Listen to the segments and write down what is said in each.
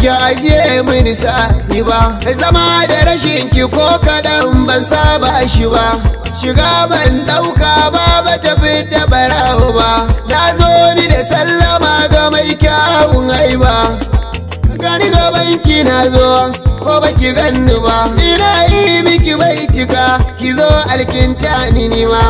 ki ajiye mini sa'i ba zama da rashin ki ko kaɗan ban saba shi ba shiga ban ɗauka ba ba tafi da barawo ba na zo ni da sallama ga mai kyawun haiba gani gaban ki na zo ko ki ganni ba ina yi miki bai cika ki zo alkinta ni ma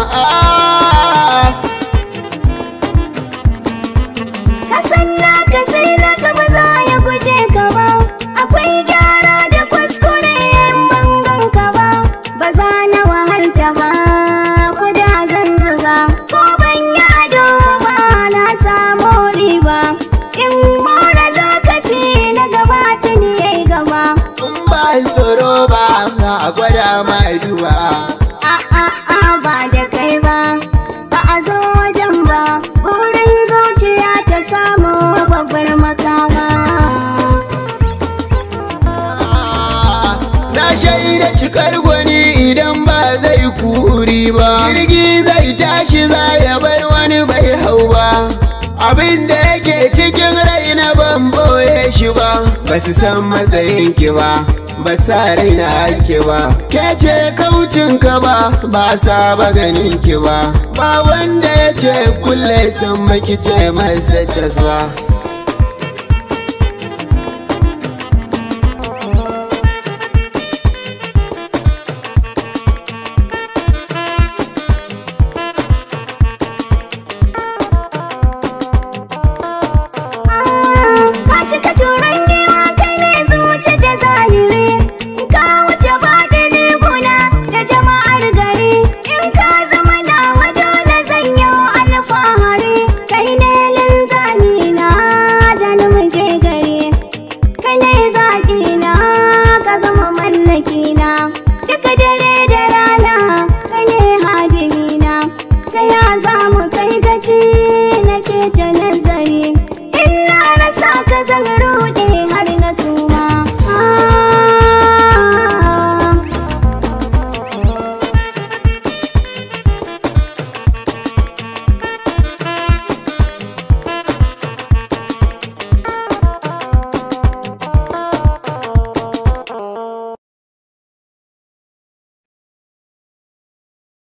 in more lokaci na gaba tuni yayi gaba in ba tsoro ba na gwada mai duwa a a a ba da kai ba ba a zo wajen ba burin zuciya ta samu babbar makama na shaida cikar gwani idan ba zai kuri ba jirgi zai tashi za ya bar wani bai hau ba abin da yake cikin rai na ban boye shi ba ba su san matsayin ki ba ba sa raina ake ba ke ce kaucin ka ba ba sa ba ganin ki ba ba wanda ya ce kulle san maki ce masa caswa makina duka dare da rana kane hadimina Taya ya za mu kai gaci nake ta